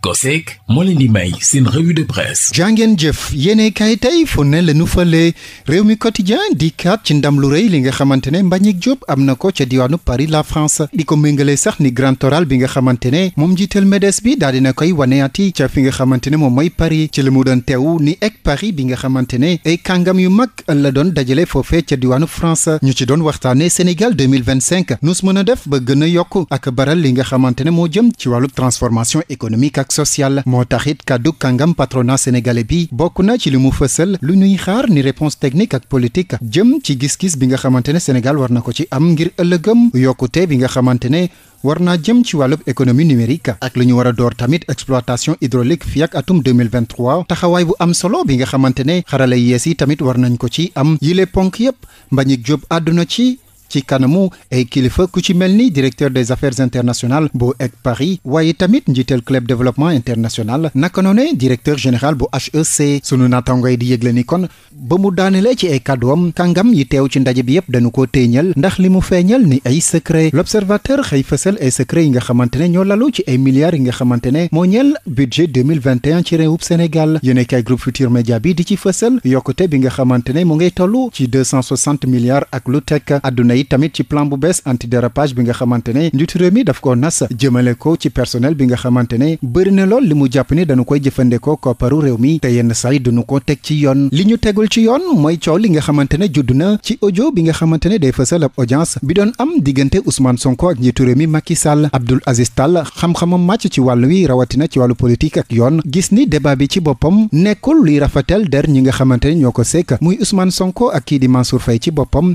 COSEC moo leen di may seen revue de presse jàngeen jëf yéene kaay tey fu ne la nu fale réew mi quotidien di kaat ci ndam lu rëy li nga xamante ne Mbagnick Diop am na ko ca diwaanu Paris la France di ko méngale sax ni grand oral bi nga xamante ne moom jiital MEDES bi daal dina koy waneati ca fi nga xamante ne moom mooy Paris ci li mu doon teew ni ek Paris bi nga xamante ne ay kàngam yu mag la doon dajale foofee ca diwaanu France ñu ci doon waxtaane Sénégal 2025 nus mën a def ba gën yokk ak baral li nga xamante ne moo jëm ci wàllu transformation économique ak ak sociale moo tax it kàddu kàngam patronat sénégalais bi bokk na ci li mu fësal lu ñuy xaar ni réponse technique ak politique jëm ci gis-gis bi nga xamante ne Sénégal war na ko ci am ngir ëllëgëm yokkute bi nga xamante ne war naa jëm ci wàllub économie numérique ak lu ñu war a door tamit exploitation hydraulique fii ak atum 2023 taxawaay bu am solo bi nga xamante ne xarale yees yi tamit war nañ ko ci am yile ponk yépp Mbagnick Diop àdduna ci ci kanamu ay kilifa ku ci mel ni directeur des affaires internationales bu EC Paris waaye tamit njiital club développement international naka noone directeur général bu HEC sunu naataangoy di yëgle ni kon ba mu daanelee ci ay kaddu am kàngam yi teew ci ndaje bi yëpp dañu ko téeñal ndax li mu feeñal ni ay secret l'observateur xëy fësal ay secret yi nga xamante ne ñoo lalu ci ay milliards yi nga xamante ne moo ñeel budget 2021 ci réewub Sénégal yéene kay groupe Média bi di ci fësal yokkute bi nga xamante ne mu ngay toll ci 260 milliards ak lu teg àdduna waaye tamit ci plan bu bees antidérapage bi nga xamante ne njiitu réew mi daf ko nas jëmale ko ci personnel bi nga xamante ne bëri na lool li mu jàpp ni dañu koy jëfandikoo kopparu réew mi te yenn say duñu ko teg ci yoon li ñu tegul ci yoon mooy coow li nga xamante ne judd na ci ojo bi nga xamante ne day fësal ab audience bi doon am diggante Ousmane Sonko ak njiitu réew mi Macky Sall Abdoul Aziz Tall xam-xamam màcc ci wàll wi rawatina ci wàllu politique ak yoon gis ni débat bi ci boppam nekkul luy rafetal der ñi nga xamante ne ñoo ko sekk muy Ousmane Sonko ak kii di Mansour Faye ci boppam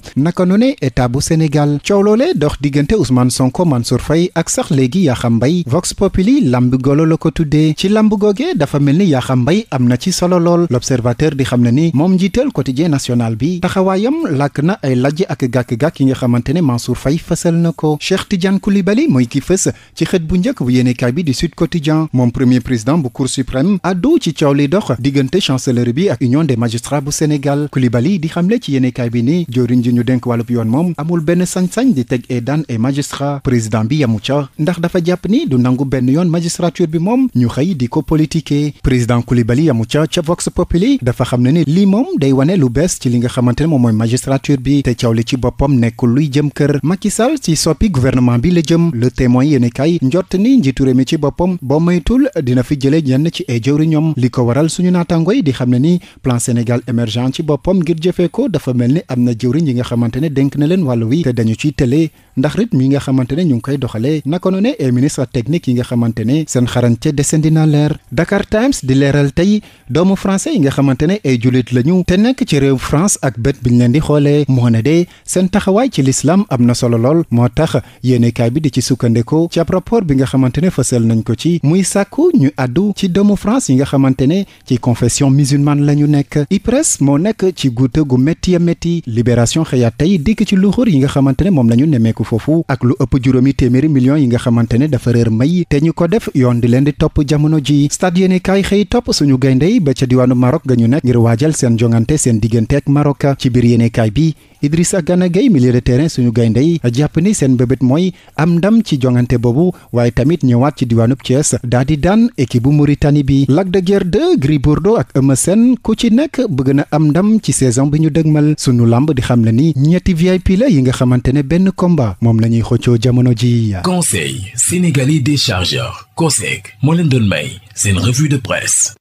bu Sénégal coow loole dox diggante Ousmane Sonko Mansour fay ak sax léegi Yakham mbay Vox Populi lamb golo la ko tuddee ci lamb googe dafa mel ni Yakham mbay am na ci solo lool l'observateur di xam ne ni moom njiital quotidien national bi taxawaayam làkk na ay lajj ak gàkk-gàkk yi nga xamante ne Mansour Faye fësal na ko Cheikh Tidiane Koulibaly mooy ki fës ci xët bu njëkk bu yéenekaay bi di Sud Quotidien moom premier président bu Cour suprême addu ci coow li dox diggante chancellerie bi ak union des magistrats bu Sénégal Koulibaly di xamle ci yéenekaay bi ni joriñ ji ñu dénk wàllub yoon moom amul benn sañ-sañ di teg ay daan ay magistrat président bi yamu ca ndax dafa jàpp ni du nangu benn yoon magistrature bi moom ñu xëy di ko politiquer président Coulibaly yamu ca ca Vox Populi dafa xam ne ni lii moom day wane lu bees ci li nga xamante ne moom mooy magistrature bi te cawli ci boppam nekkul luy jëm kër Macky Sall ci soppi gouvernement bi la jëm le témoin yéen kay njott ni njiitu réew mi ci boppam boo moytul dina fi jële ñenn ci ay jëwri ñoom li ko waral suñu naataangoy di xam ne ni plan Sénégal émergent ci boppam ngir jëfee ko dafa mel ni am na jëwriñ yi nga xamante ne dénk na leen wàll wi te dañu ciy tëlee ndax rythme yi nga xamante ne ñu ngi koy doxalee naka noonu ne ministre technique yi nga xamante ne seen xarañte desandi na leer Dakar Times di leeral tey doomu français yi nga xamante ne ay jullit lañu te nekk ci réew France ak bët bi ñu leen di xoolee moo ne de seen taxawaay ci l'islam am na solo lool moo tax yéenekaay bi di ci sukkandekoo ci ab rapport bi nga xamante ne fësal nañ ko ci muy sàkku ñu àddu ci doomu France yi nga xamante ne ci confession musulmane la ñu nekk IPRES moo nekk ci guute gu métti métti libération suur yi nga xamante ne moom la nemmeeku foofu ak lu ëpp juróomi téeméeri millions yi nga xamante ne dafa réer may te ñu ko def yoon di leen di topp jamono ji stade yéene kaay xëy topp suñu gaynde yi ba ca diwaanu Maroc ga ñu nekk ngir waajal seen jongante seen digganteek Maroc ci biir yéene bi Idrissa Gana Gueye milieu de terrain suñu gaynde yi jàpp ni seen mbébét mooy am ndam ci jongante boobu waaye tamit ñëwaat ci diwaanub Thiès daal di daan équipe bu Mauritanie bi Lac de Guerre 2 Gris Bordeaux ak Eumeu seen ku ci nekk bëgg na am ndam ci saison bi ñu dëgmal suñu làmb di xam la ni ñetti VIP la yi nga xamante ne benn combat moom la ñuy xëccoo jamono ji Conseil sénégalais des chargeurs COSEC moo leen doon may seen revue de presse